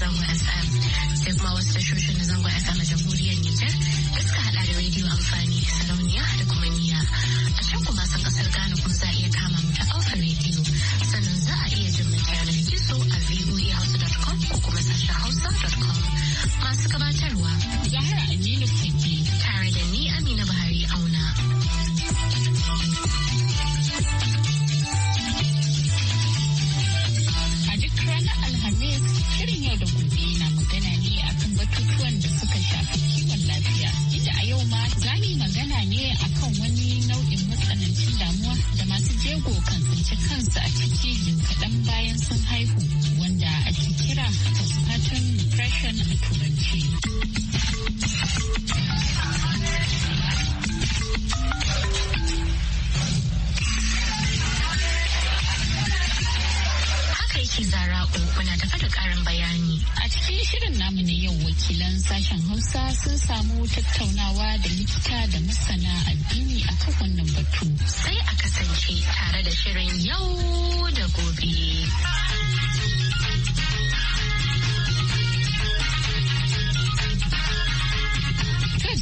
zango fm sai kuma wasu tashoshin na zango fm a jamhuriyar nijar da suka hada da rediyo amfani sarauniya da kuma niya a can kuma sun kasar ghana kuma za a iya kama mu ta alfa rediyo sannan za a iya jin mai yanar gizo a voahouse.com ko kuma sashen hausa.com masu gabatarwa ya a akan wani nau'in matsanancin damuwa da masu jego kan tsinci kansu a ciki jin wakilan sashen hausa sun samu tattaunawa da likita da masana addini a kan wannan batu sai a kasance tare da shirin yau da gobe.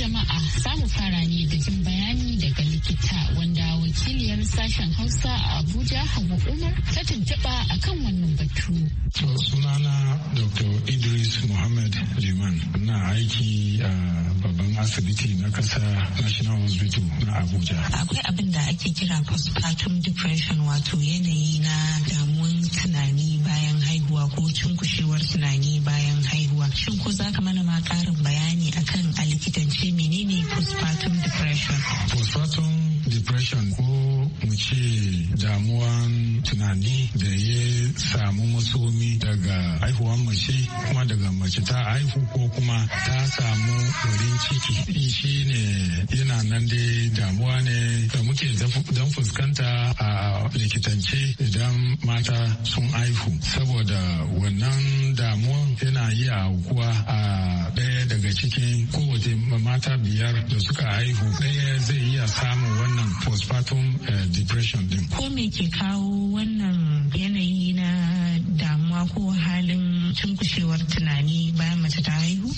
jama'a zamu fara ne da jin bayani daga likita wanda wakiliyar sashen hausa a abuja hawa umar ta tuntuɓa a kan wannan batu sunana dr idris muhammad liman na aiki a babban asibiti na kasa national hospital na abuja akwai abin da ake kira postpartum depression wato yanayi na damuwan tunani haihuwa ko cunkushewar tunani bayan haihuwa shin ko za ka mana ma karin bayani akan a likitance menene postpartum depression postpartum depression ko mu ce damuwan tunani da ya samu masomi daga haihuwan mace kuma daga mace ta haihu ko kuma ta samu wurin ciki shi ne yana nan dai damuwa ne da muke don fuskanta a likitance idan mata sun haihu saboda wannan damuwan yana yi a a ɗaya daga cikin kowace mata biyar da suka haihu ɗaya zai iya samun wannan postpartum eh, depression din. Ko me ke kawo wannan yanayi na damuwa ko halin cunkushewar tunani bayan mace ta haihu?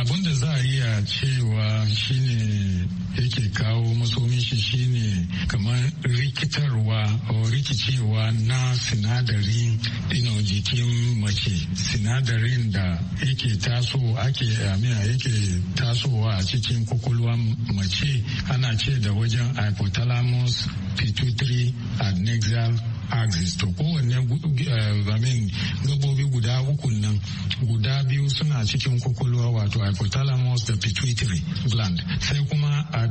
abin da za a iya cewa shine yake kawo masomin shi shine kamar rikitarwa o rikicewa na sinadarin ino jikin mace sinadarin da yake taso ake amina yake tasowa a cikin kukulwa mace ana ce da wajen hypothalamus pituitary adnexal axis to kowanne eh, gabobi guda uku nan guda biyu suna cikin kwakwalwa wato hypothalamus da pituitary gland sai kuma eh,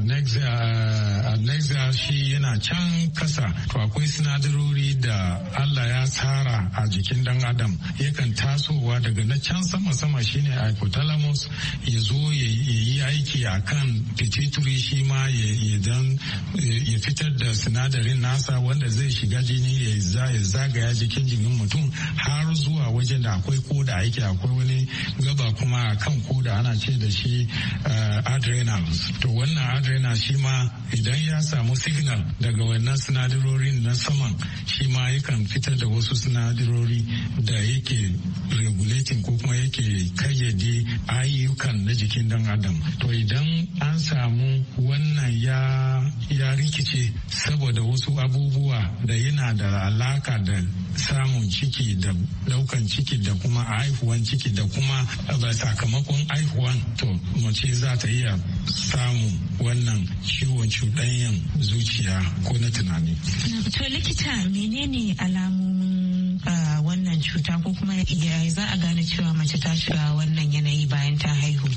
adnexia shi yana can kasa to akwai sinadarori da allah ya tsara a jikin dan adam yakan tasowa daga na can sama-sama shine hypothalamus ya zo ya yi aiki a kan pituitary shi ma ya fitar da sinadarin nasa wanda zai shiga jini ya zagaya jikin jikin mutum har zuwa wajen da akwai koda aiki a akwai wani gaba kuma a kan koda ana ce da shi eh, adrenals to wannan adrenal shi ma idan ya samu signal daga wannan sinadarorin na saman shi ma yakan fitar da wasu sinadarori da yake regulating ko kuma yake kayyade ayyukan na jikin dan adam to idan an samu wannan ya rikice saboda wasu abubuwa da yana da alaka da samun ciki da daukan ciki da kuma haihuwan ciki da kuma sakamakon haihuwan to mace za ta iya samun wannan ciwon cuɗanyan zuciya ko na tunani. na To likita menene alamu a wannan cuta ko kuma ya za a gane cewa mace ta shiga wannan yanayi bayan ta haihu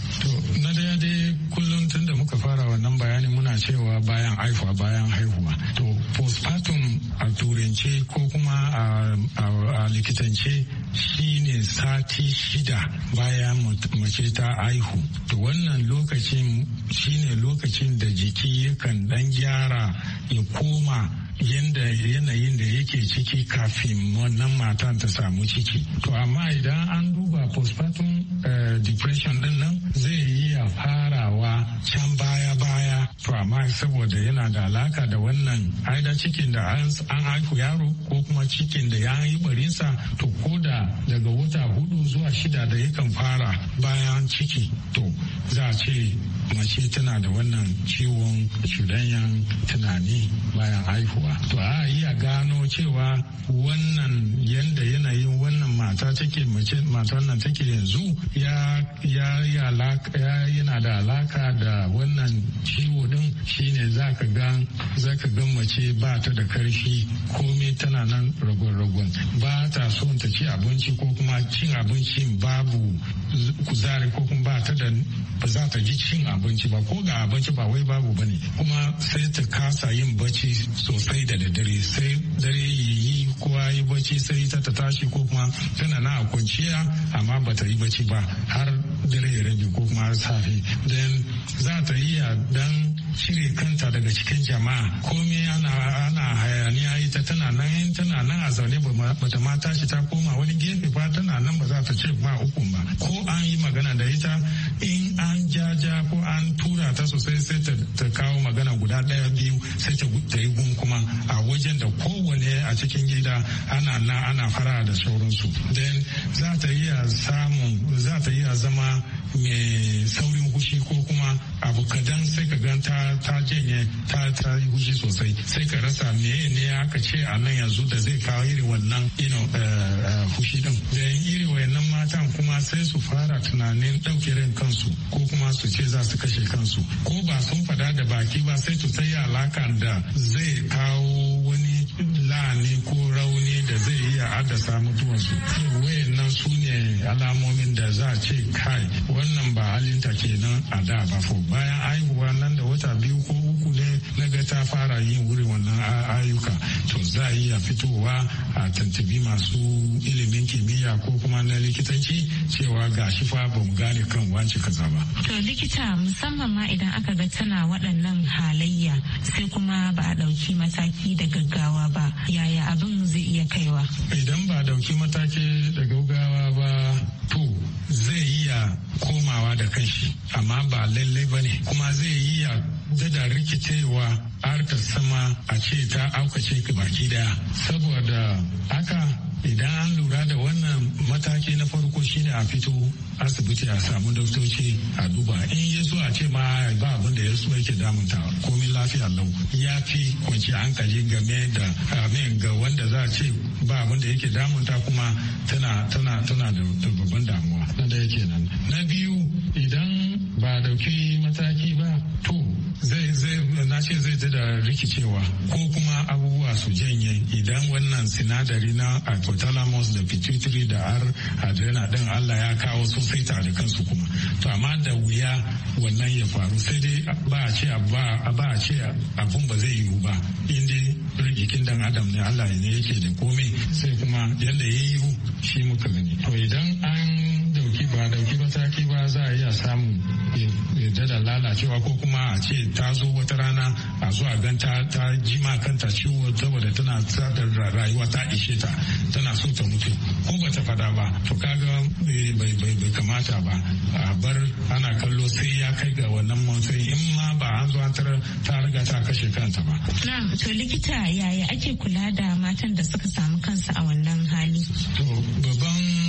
na daya dai kullum tun da muka fara wannan bayanin muna cewa bayan haihuwa bayan haihuwa to postpartum a turance ko kuma a likitance shine sati shida bayan mace ta haihu to wannan lokacin shine lokacin da jiki yakan dan gyara ya koma yadda yanayin da yake ciki kafin wannan matan ta samu ciki to amma idan an duba postpartum eh, depression din nan zai iya farawa can baya baya to amma saboda yana da alaka da wannan aida cikin da an haihu yaro ko kuma cikin da ya yi barinsa to ko da daga wata hudu zuwa shida da yakan fara bayan ciki to za a ce mace tana da wannan ciwon cudanyan tunani bayan haihuwa to a iya gano cewa wannan yanda yanayin wannan mata take mace mata nan take yanzu ya ya ya yana da alaka da wannan ciwo din shine zaka ga zaka ga mace ba ta da karfi komai tana nan ragon-ragon ba ta son ta ci abinci ko kuma cin abincin babu kuzari ko kuma ba ta da ba za ta ji cin abinci abinci ba ko ga abinci ba wai babu ba ne kuma sai ta kasa yin bacci sosai da daddare sai dare yi kowa yi bacci sai ta ta tashi ko kuma tana na kwanciya amma ba ta yi bacci ba har dare ya rage ko kuma har safe don za ta iya dan cire kanta daga cikin jama'a komai ana ana hayaniya ita tana nan in tana nan a zaune ba ta mata shi ta koma wani gefe ba tana nan ba za ta ce ba uku ba ko an yi magana da ita in an jaja ko an tura ta sosai sai ta kawo magana guda daya biyu sai ta yi gun kuma a wajen da kowane a cikin gida ana na ana fara da sauransu. Den za ta iya samun za ta iya zama mai saurin hushi ko kuma abu kadan sai ka gan ta janye ta ta yi hushi sosai sai ka rasa meye ne aka ce a nan yanzu da zai kawo iri wannan ino fushi. Eh, eh, hushi din da iri wannan matan kuma sai su fara tunanin ɗauke ran kansu ko kuma su ce za su kashe kansu ko ba sun fada da baki ba sai su sai alaka da zai kawo wani la'ani ko rauni da zai iya haddasa mutuwarsu wayannan su ne alamomin da za a ce kai wannan ba halinta kenan a da ba bayan haihuwa nan da wata biyu ko na ga ta fara yin wuri wannan ayyuka to za a iya fitowa a tantabi masu ilimin kimiyya ko kuma na likitanci cewa ga shi fa ba mu gane kan wance kaza ba. To likita musamman ma idan aka ga tana waɗannan halayya sai kuma ba a ɗauki mataki da gaggawa ba yaya abin zai iya kaiwa. Idan ba a ɗauki mataki da gaggawa ba to zai iya komawa da kanshi amma ba lallai ba ne kuma zai iya da rikicewa harkar sama a ce ta aukace baki daya saboda haka idan an lura da wannan mataki na farko shine a fito asibiti a samu doktoci a duba in ya zo a ce ma ba abin da ya so yake damunta komin lafiya lau ya fi kwanci hankali game da amin ga wanda za a ce ba abin da yake damunta kuma tana tana tana da babban damuwa na da yake nan na biyu idan ba dauki mataki ba to zai zai na ce zai ji da rikicewa ko kuma abubuwa su janye idan wannan sinadari na hypothalamus da pituitary da har adrena din Allah ya kawo su sai tare kansu kuma to amma da wuya wannan ya faru sai dai ba a ce ba a ce abun ba zai yiwu ba in dai jikin dan adam ne Allah ne yake da komai sai kuma yadda ya yiwu shi muka gani to idan an dauki ba dauki mataki ba za a iya samun jada lalacewa ko kuma a ce ta zo wata rana a zuwa gan ta ta jima kanta ciwo saboda tana tsadar rayuwa ta ishe ta tana so ta mutu ko ba ta fada ba to kaga eh, bai kamata ba a bar ana kallo sai ya kai ga wannan motsi in ma ba an zo ta riga ta kashe kanta ba. na to likita yaya ake kula da matan da suka samu kansu a wannan hali. to babban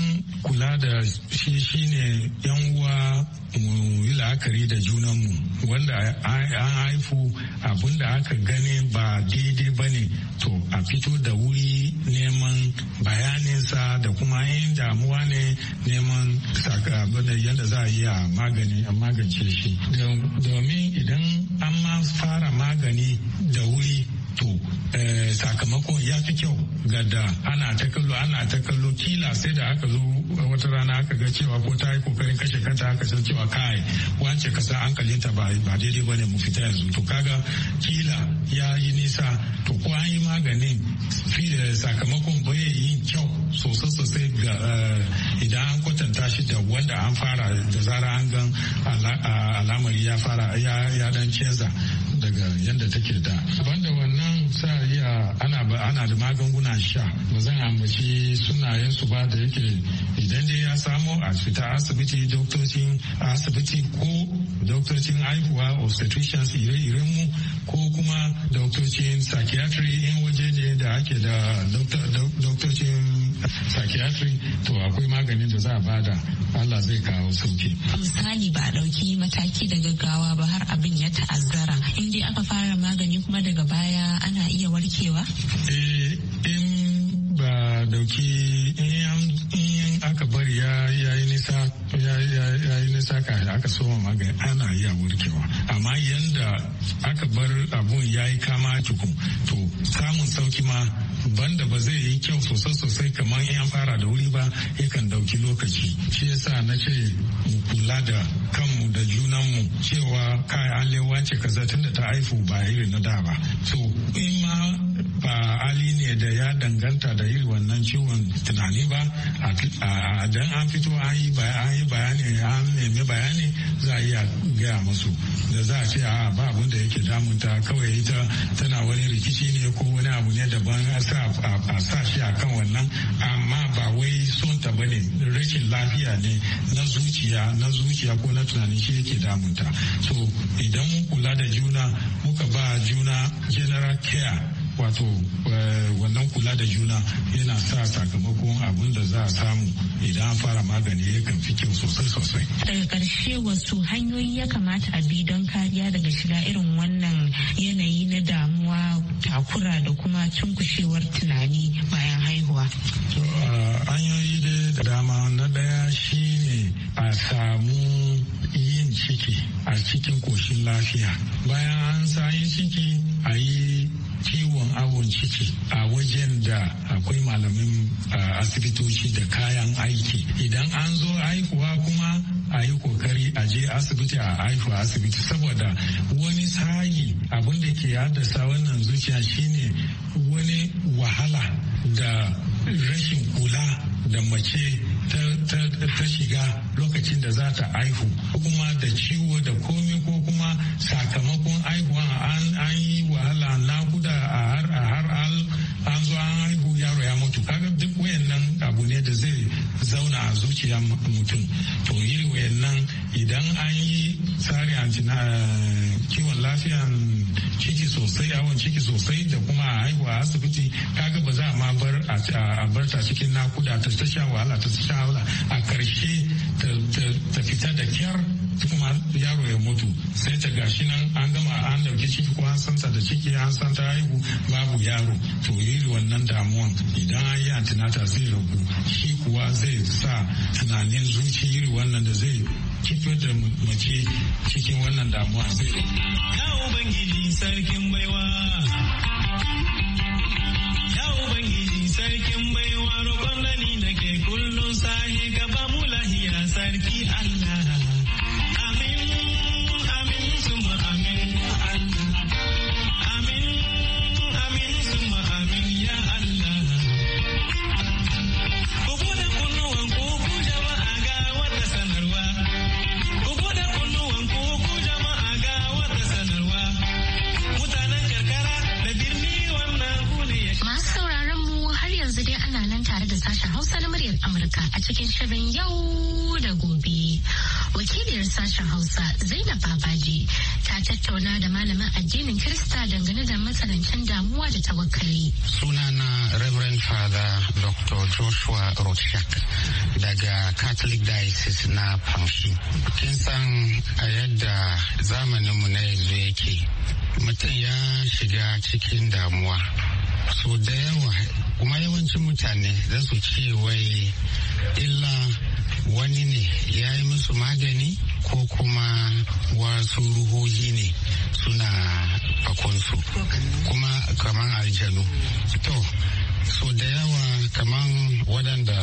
kula da shi shine yan uwa mu yi la'akari da junanmu wanda an haifu abin aka gani ba daidai ba ne to a fito da wuri neman bayaninsa da kuma yin damuwa ne neman yadda za a yi a magani a magance shi domin idan an ma fara magani da wuri to eh, sakamakon ya fi kyau ga da ana ta ana ta kila sai da aka zo wata rana aka ga cewa ko ta yi kokarin kashe kanta aka san cewa kai wance kasa hankalinta ba ba daidai bane mu fita yanzu to kaga kila ya yi nisa to ko an yi maganin fiye da sakamakon bai yin kyau sosai sosai ga eh, idan an kwatanta shi da wanda an fara da zara an gan alamari ya fara ya dan canza daga yadda take da wannan sa haka ana ana da magunguna sha ba zan ambaci sunayen ba da yake idan dai ya samo a fita asibiti doktocin asibiti ko doktocin haihuwa obstetricians ire-iren mu ko kuma doktocin psychiatry in waje ne da ake da doktocin psychiatry to akwai maganin da za a bada Allah zai kawo sauki. Misali ba a ɗauki mataki da gaggawa ba har abin ya ta'azzara. In dai aka fara magani kuma daga baya ana iya warkewa? Eh, eh suka dauki in aka bari ya yi nisa ya yi nisa ka aka soma magani ana iya wurkewa amma yanda aka bar abun ya yi kama tukun to samun sauki ma banda ba zai yi kyau sosai sosai kamar in an fara da wuri ba yakan dauki lokaci shi yasa na ce mu kula da kanmu da junanmu cewa kai an lewance kaza da ta haifu ba irin na da ba to in ma ba hali ne da ya danganta da yi wannan ciwon tunani ba a dan an fito an yi bayani an nemi bayani za a iya gaya musu da za a ce a ba abun da yake damunta kawai ita tana wani rikici ne ko wani abu ne daban a sa shi a kan wannan amma ba wai son ta bane rashin lafiya ne na zuciya na zuciya ko na tunani shi yake damunta so idan mun kula da juna muka ba juna general care wato eh, wannan kula da juna yana sa sakamakon abin da za a samu idan an fara magani yakan fi kyau sosai sosai daga karshe wasu hanyoyi ya kamata a bi don kariya daga shiga irin wannan yanayi na damuwa takura da kuma cunkushewar tunani bayan haihuwa eh, hanyoyi da dama na daya shine a samu yin ciki a cikin koshin lafiya bayan an sa yin ciki a yi kiwon awon ciki a wajen da akwai malamin asibitoci da kayan aiki idan an zo haihuwa kuma a yi kokari a je asibiti a haifu asibiti saboda wani sayi abin da ke haddasa wannan zuciya shine wani wahala da rashin kula da mace ta shiga lokacin da za ta haihu kuma da ciwo da komi ko kuma sakamakon haihuwa an zuciyan mutum to irin wayannan idan an yi tsari a eh, kiwon lafiyan ciki sosai awon ciki sosai da kuma a haihuwa a asibiti kaga ba za a ma bar a bar ta cikin nakuda ta sha wahala ta sha wahala a karshe ta fita da kyar kuma yaro ya mutu sai ta gashi nan an gama an dauki ciki ko an santa da ciki an santa haihu babu yaro to yi wannan damuwan idan an yi antinata zai ragu shi kuwa zai sa tunanin zuci iri wannan da zai kifar da mace cikin wannan damuwa sai ya ubangiji sarkin baiwa ya ubangiji sarkin baiwa roƙon da ni ke kullum sahi gaba mu lahiya sarki Allah Amurka a cikin shirin yau da gobe. Wakiliyar sashen Hausa Zainab Babaji ta tattauna da malamin addinin Kirista dangane da matsanancin damuwa da tawakkali. Sunana Reverend Father Dr. Joshua Rochak daga Catholic Diocese na Paushi. Kin san a yadda zamaninmu na yanzu yake mutum ya shiga cikin damuwa. So da yawa kuma yawancin mutane za su ce wai illa wani ne ya yi musu magani ko kuma wasu ruhohi ne suna fakonsu kuma kamar aljanu to so da yawa kamar waɗanda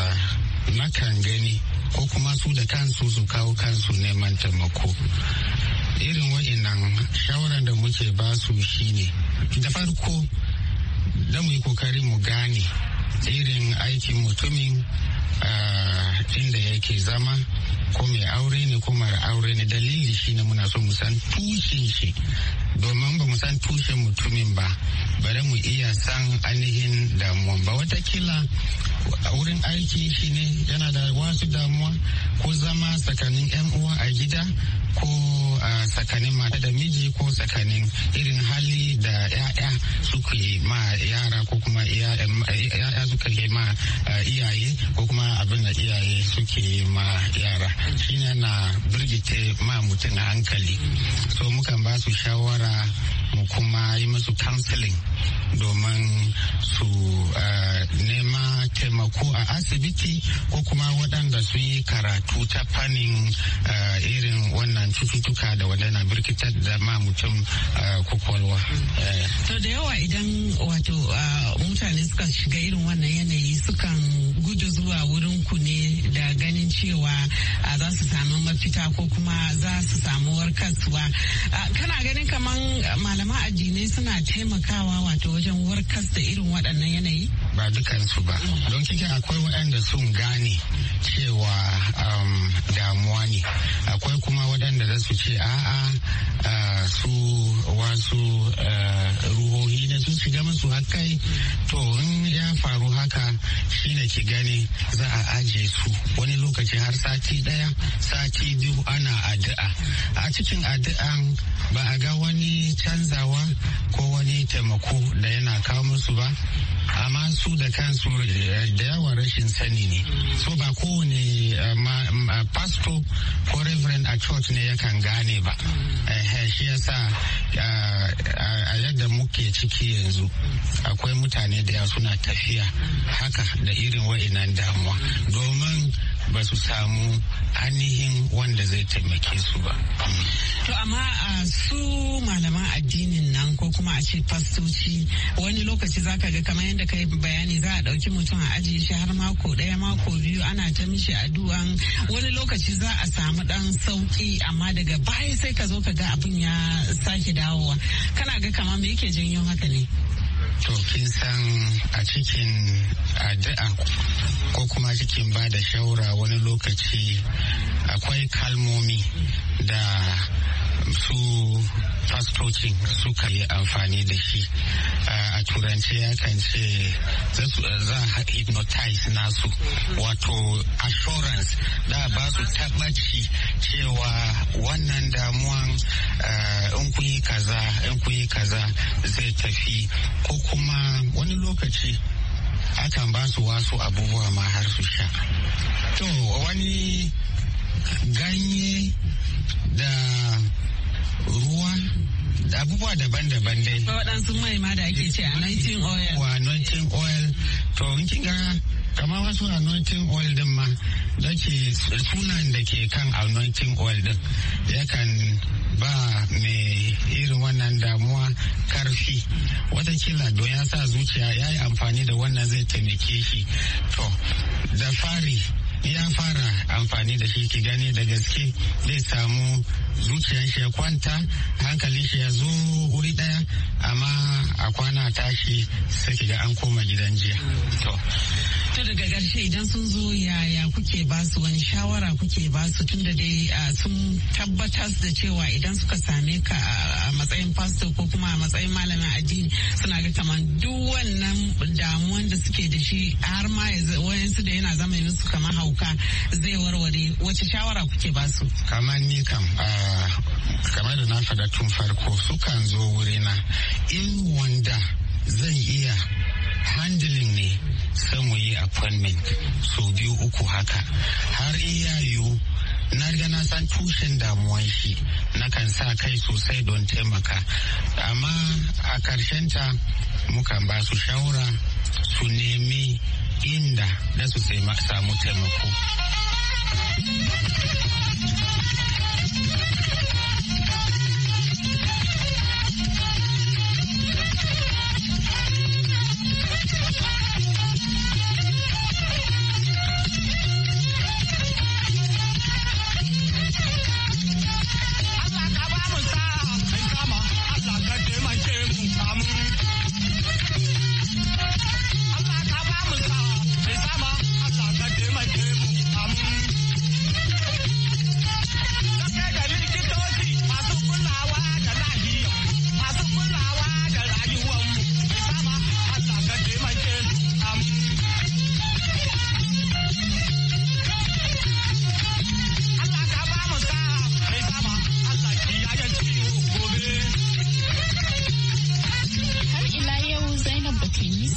kan gani ko kuma su da kansu su kawo kansu neman taimako irin wa'in nan shawaran da muke ba basu shine da farko da mu yi kokari mu gane irin aikin mutumin ah, inda yake zama ko mai aure ne ko mara aure ne dalili shine muna so mu san tushen shi domin ba mu san tushen mutumin ba bari mu iya san ainihin damuwa ba watakila a wurin aiki shi ne yana da wasu damuwa ko zama tsakanin 'yan uwa a gida ko a tsakanin mata da miji ko tsakanin irin hali da 'ya'ya suka yi ma yara ko kuma 'ya'ya suka yi ma iyaye ko kuma abin da iyaye suke ma yara shine na birgite ma mutum a hankali so mukan ba su shawara mu kuma yi musu counseling domin su eh, nema taimako a asibiti ko kuma waɗanda su yi karatu ta fannin eh, irin wannan cututtuka da waɗanda birkitar da ma mutum eh, kwakwalwa. to da yawa idan wato mutane suka shiga irin wannan yanayi sukan gudu zuwa wurin ku ne da ganin cewa za su samu mafita ko kuma za su samu warkaswa kana ganin kaman malaman addinai suna taimakawa wato wajen warkas da irin waɗannan yanayi ba dukansu ba don kike akwai waɗanda sun gane cewa um, damuwa ne akwai kuma waɗanda za su ce a'a uh, su wasu uh, ruhohi na sun shiga masu hakai to in ya faru haka shine ki gane za a aje su wani lokaci har sati ɗaya sati biyu ana addu'a a cikin addu'an ba a ga wani canzawa ko wani taimako da yana kawo musu ba amma su da kansu eh, da yawa rashin sani ne so ba kowane eh, mm, eh, pastor ko reverend a church ne yakan gane ba shi yasa a yadda muke ciki yanzu akwai mutane da yawa suna tafiya haka da irin wa'inan damuwa domin ba su samu ainihin wanda zai taimake su ba To amma a su malaman addinin nan ko kuma a ce fastoci wani lokaci zaka ga kamar yadda ka yi bayani za a ɗauki mutum a ajiye shi har mako ɗaya mako biyu ana ta mishi addu'an wani lokaci za a samu ɗan sauƙi amma daga baya sai ka zo ka ga abin ya sake dawowa kana ga kamar me yake janyo haka ne. to kin san a cikin addu'a ko kuma cikin ba da shawara wani lokaci akwai kalmomi da su fastocin suka yi amfani da shi a turanci ya kan ce za a hypnotize nasu wato assurance da ba su tabbaci cewa wannan damuwan in kun yi kaza in kun yi kaza zai tafi ko kuma wani lokaci akan ba su wasu abubuwa ma har su sha to wani ganye da ruwa da abubuwa daban-daban dai. waɗansu mai ma da ake ce anointing oil. Wa anointing oil. To, kin ga kamar wasu a anointing oil din ma da ke sunan da ke kan a anointing oil din yakan ba mai irin wannan damuwa karfi watakila don ya sa zuciya ya yi amfani da wannan zai taimake shi to da fari ya fara amfani da shi ki gani da gaske zai samu zuciyar shi ya kwanta hankali shi ya zo wuri daya amma a kwana tashi sai ki ga an koma gidan jiya tun daga ƙarshe idan sun zo yaya kuke ba su wani shawara kuke ba su tun da dai sun tabbatar da cewa idan suka same ka a matsayin pastor ko kuma a matsayin malamin addini suna ga kamar duk wannan damuwan da suke da shi har ma wayansu da yana zama musu kamar hauka zai warware wace shawara kuke ba su kamar ni kam kamar da na faɗa tun farko sukan zo wurina in wanda zan iya handling ne sai mu yi appointment sau biyu uku haka har iya yiwu na riga na san tushen damuwan shi na kan sa kai sosai don taimaka amma a ta muka ba su shawara su nemi inda da su samu taimako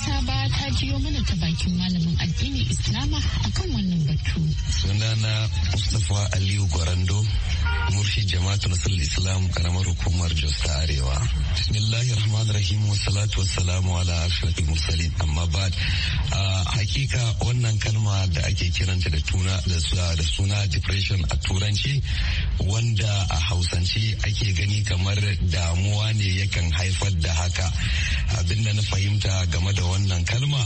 Saba ta jiyo mana ta bakin malamin addinin Islama akan wannan batu. Sunana Mustapha Aliyu Gwarando murshi jama'atul islam karamar hukumar jos ta arewa bismillahir rahmanir rahim wa salatu wassalamu ala ashrafil mursalin amma ba hakika wannan kalma da ake kiranta da tuna da suna depression a turanci wanda a hausance ake gani kamar damuwa ne yakan haifar da haka abinda na fahimta game da wannan kalma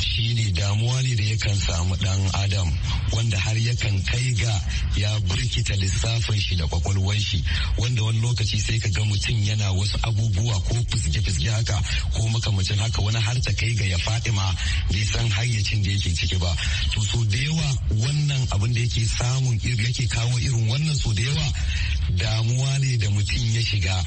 shine damuwa ne da yakan samu dan adam wanda har yakan kai ga ya birkita lissafin shi da kwakwalwar shi wanda wani lokaci sai ka ga mutum yana wasu abubuwa ko fisge-fisge haka ko makamacin haka wani har ta kai ga ya faɗi ma bai san hayyacin da yake ciki ba to so da yawa wannan abin da yake samun yake kawo irin wannan so da yawa damuwa ne da mutum ya shiga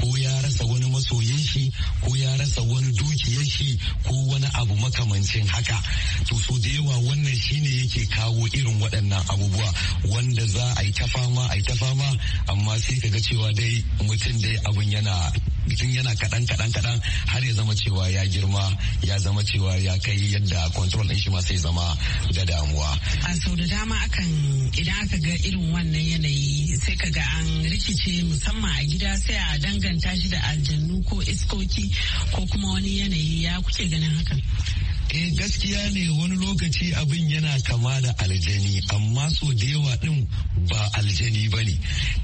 ko ya rasa wani masoyin shi ko ya rasa wani dukiyar shi ko wani abu makamancin haka to so da yawa wannan shine yake kawo irin waɗannan abubuwa wanda za a yi ta fama a yi ta fama amma sai ka ga cewa dai mutum dai abun yana tun yana kaɗan kaɗan kaɗan har ya zama cewa ya girma ya zama cewa ya kai yadda control ɗin shi ma sai zama da damuwa. A sau da dama akan idan aka ga irin wannan yanayi sai ka ga an rikice musamman a gida sai a danganta shi da aljannu ko iskoki ko kuma wani yanayi ya kuke ganin hakan. eh gaskiya ne wani lokaci abin yana kama da aljani amma so da yawa din ba aljani ba ne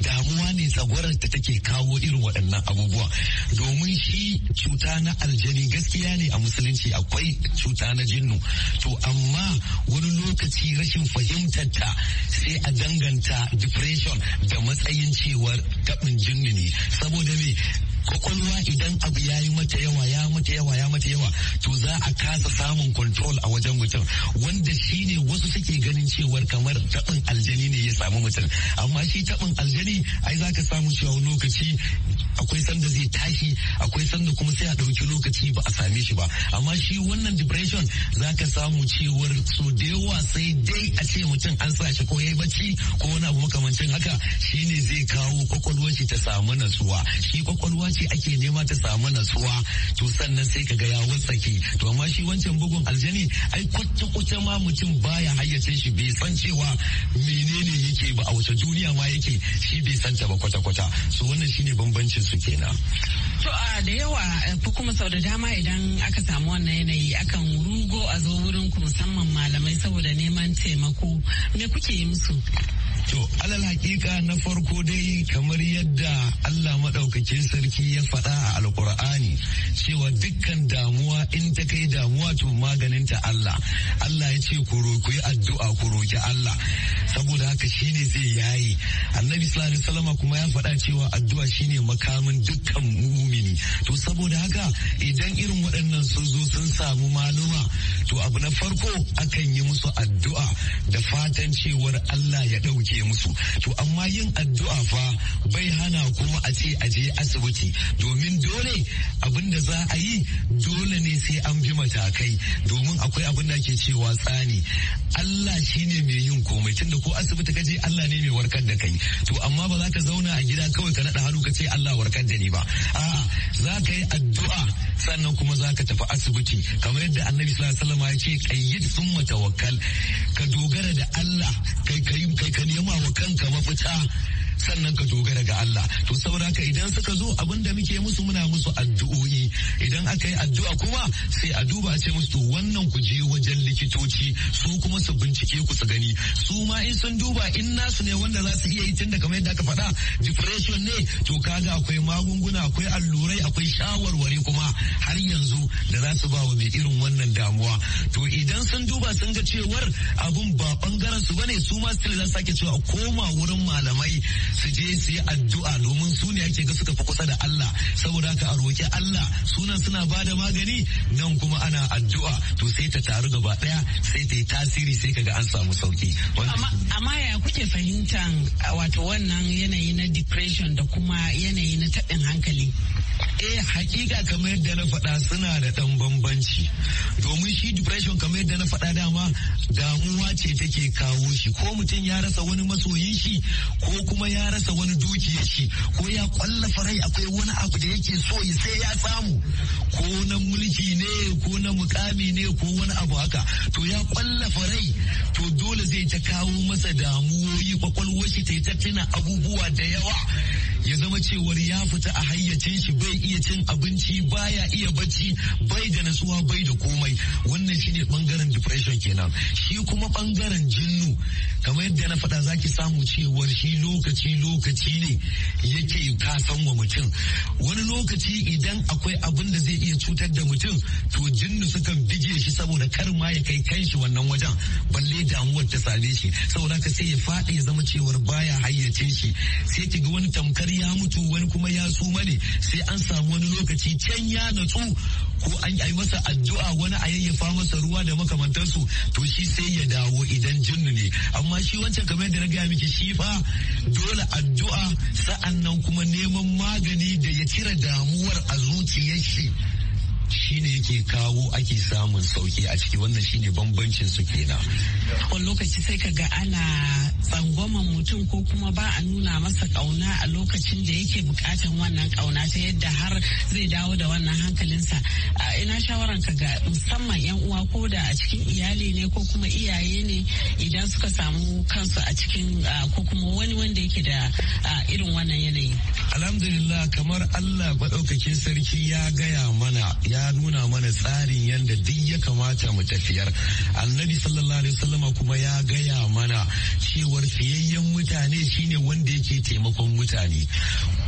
damuwa ne tsagwarar ta take kawo irin waɗannan abubuwa domin shi cuta na aljani gaskiya ne a musulunci akwai cuta na jinnu to amma wani lokaci rashin fahimtar ta sai a danganta depression da matsayin cewar taɓin jinni ne saboda me kwakwalwa idan abu ya yi mata yawa ya mata yawa ya mata yawa to za a kasa samun control a wajen mutum wanda shi ne wasu suke ganin cewar kamar tabin aljani ne ya samu mutum amma shi tabin aljani ai za ka samu cewa lokaci akwai sanda zai tashi akwai sanda kuma sai a dauki lokaci ba a same shi ba amma shi wannan depression za ka samu cewar so da yawa sai dai a ce mutum an sa shi ko ya yi bacci ko wani abu makamancin haka shi ne zai kawo kwakwalwar shi ta samu natsuwa shi kwakwalwa lokaci ake nema ta samu nasuwa to sannan sai ka ga ya wasake to amma shi wancan bugun aljani ai kwata kwata ma mutum baya hayyace shi bai san cewa menene yake ba a wata duniya ma yake shi bai san ta ba kwata kwata so wannan shine bambancin su kenan to a da yawa eh, kuma sau da dama idan aka samu wannan yanayi akan rugo a zo wurin ku musamman malamai saboda neman taimako me kuke yi musu To alal hakika na farko dai kamar yadda Allah maɗaukakin sarki ya faɗa a alkur'ani cewa dukkan damuwa in ta kai damuwa to maganinta Allah. Allah ya ce ku roƙi addu'a ku roƙi Allah. saboda haka shine zai yayi annabi sallallahu alaihi wasallam kuma ya faɗa cewa addu'a shine makamin dukkan mumini to saboda haka idan irin waɗannan sun zo sun samu maluma to abu na farko akan yi musu addu'a da fatan cewar Allah ya ɗauke musu to amma yin addu'a fa bai hana kuma a ce aje asibiti domin dole abin da za a yi dole ne sai an bi matakai domin akwai abin da ke cewa tsani Allah shine mai yin komai tunda ko asibiti ka je Allah ne mai warkar da kai to amma ba za ka zauna a gida kawai ka naɗa hannu ka ce Allah warkar da ni ba a'a za ka yi addu'a sannan kuma za ka tafi asibiti kamar yadda annabi sallallahu alaihi wasallam ya ce qayyid summa tawakkal ka dogara da Allah kai kai ka nema wa kanka mafita sannan ka dogara ga Allah to saboda haka idan suka zo abin da muke musu muna musu addu'o'i idan aka yi addu'a kuma sai a duba a ce musu to wannan ku je wajen likitoci su kuma su bincike ku su gani su ma in sun duba in nasu ne wanda za su iya yi tun da kamar yadda aka faɗa depression ne to kaga akwai magunguna akwai allurai akwai shawarwari kuma har yanzu da za su ba wa mai irin wannan damuwa to idan sun duba sun ga cewar abun ba bangaren su bane su ma still za su sake cewa koma wurin malamai su je su yi addu'a domin su ne ake ga suka fi kusa da Allah saboda haka a roki Allah sunan suna ba da magani nan kuma ana addu'a to sai ta taru gaba daya sai ta yi tasiri sai kaga an samu sauki amma ya kuke fahimtan wato wannan yanayi na depression da kuma yanayi na taɓin hankali eh hakika kamar yadda na faɗa suna da ɗan bambanci domin shi depression kamar yadda na faɗa dama damuwa ce take kawo shi ko mutum ya rasa wani masoyin shi ko kuma ya rasa wani dukiyar shi ko ya kwallafa rai akwai wani abu da yake so ya sai ya samu ko na mulki ne ko na mukami ne ko wani abu haka to ya kwallafa rai to dole zai ta kawo masa damuwoyi kwakwalwar shi ta yi tattina abubuwa da yawa ya zama cewar ya fita a hayyacin shi bai iya cin abinci baya iya bacci bai da nasuwa bai da komai wannan shine bangaren depression kenan shi kuma bangaren jinnu kamar yadda na faɗa zaki samu cewar shi lokaci lokaci lokaci ne yake kasan wa mutum wani lokaci idan akwai abin da zai iya cutar da mutum to jinnu sukan bige shi saboda kar ma ya kai kanshi wannan wajen balle damuwar ta same shi saboda ka sai ya faɗi ya zama cewar baya hayyace shi sai ki ga wani tamkar ya mutu wani kuma ya suma mane sai an samu wani lokaci can ya natsu ko an yi masa addu'a wani a yayyafa masa ruwa da makamantansu to shi sai ya dawo idan jinnu ne amma shi wancan kamar yadda na gaya miki shi fa dole addu'a sa'annan kuma neman magani da ya cire damuwar a zuciyar shi shine yake kawo ake samun sauki a ciki wannan shine bambancin su na. wani lokaci sai ka ga ana tsangwaman mutum ko kuma ba a nuna masa kauna a lokacin da yake bukatan wannan kauna ta yadda har zai dawo da wannan hankalinsa a ina shawaran ka ga musamman yan uwa ko da a cikin iyali ne ko kuma iyaye ne idan suka samu kansu a cikin ko kuma wani wanda yake da irin wannan yanayi alhamdulillah kamar Allah madaukakin sarki ya gaya mana ya nuna mana tsarin yadda duk ya kamata mu tafiyar annabi sallallahu alaihi wasallam kuma ya gaya mana cewar fiyayyen mutane shine wanda yake taimakon mutane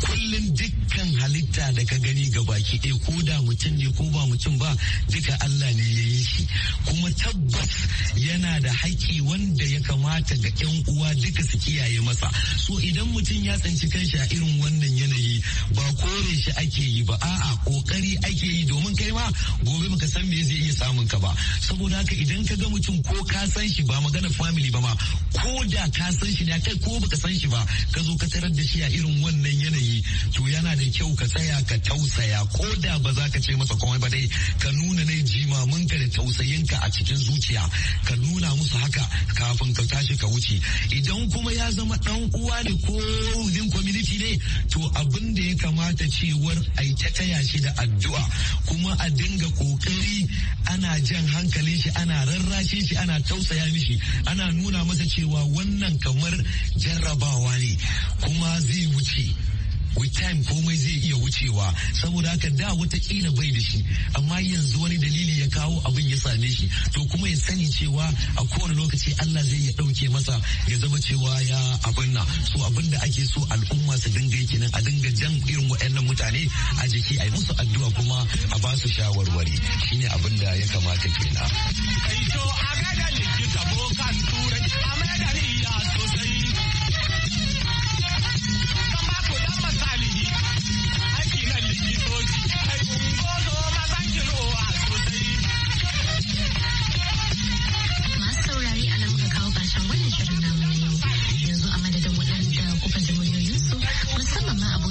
kullum dukkan halitta da ka gani ga baki ɗaya ko da mutum ne ko ba mutum ba duka Allah ne ya yi shi kuma tabbas yana da haƙƙi wanda ya kamata ga 'yan uwa duka su kiyaye masa so idan mutum ya tsinci kanshi a irin wannan yanayi ba kore shi ake yi ba a'a kokari ake yi domin kai ma gobe baka san me zai iya samun ka ba saboda haka idan ka ga mutum ko ka san shi ba magana family ba ma ko da ka san shi ne kai ko baka san shi ba ka zo ka tarar da shi a irin wannan yanayi yi to yana da kyau ka tsaya ka tausaya ko da ba za ka ce masa komai ba dai ka nuna ne ka da tausayin ka a cikin zuciya ka nuna musu haka kafin ka tashi ka wuce idan kuma ya zama dan uwa ne ko din community ne to abin da ya kamata cewar ai ta taya shi da addu'a kuma a dinga kokari ana jan hankalin shi ana rarrashe shi ana tausaya mishi ana nuna masa cewa wannan kamar jarrabawa ne kuma zai wuce with time komai zai iya wucewa saboda haka da watakila bai da shi amma yanzu wani dalili ya kawo abin ya same shi to kuma ya sani cewa a kowane lokaci Allah zai ya dauke masa ya zama cewa ya abin na so abin da ake so al'umma su dinga yake nan a dinga jan irin waɗannan mutane a jiki a yi musu addu'a kuma a ba su shawarwari shine abin da ya kamata kenan. Kai to a ga da likita bokan turai amma da ni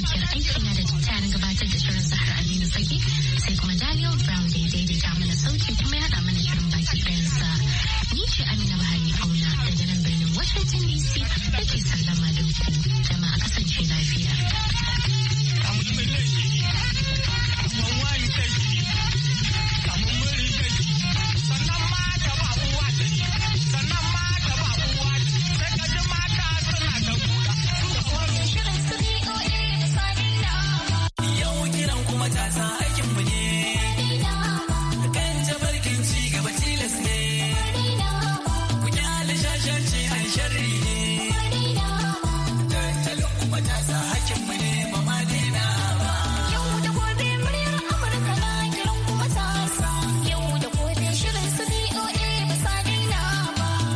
abokiyar aiki na da ta gabatar da shirin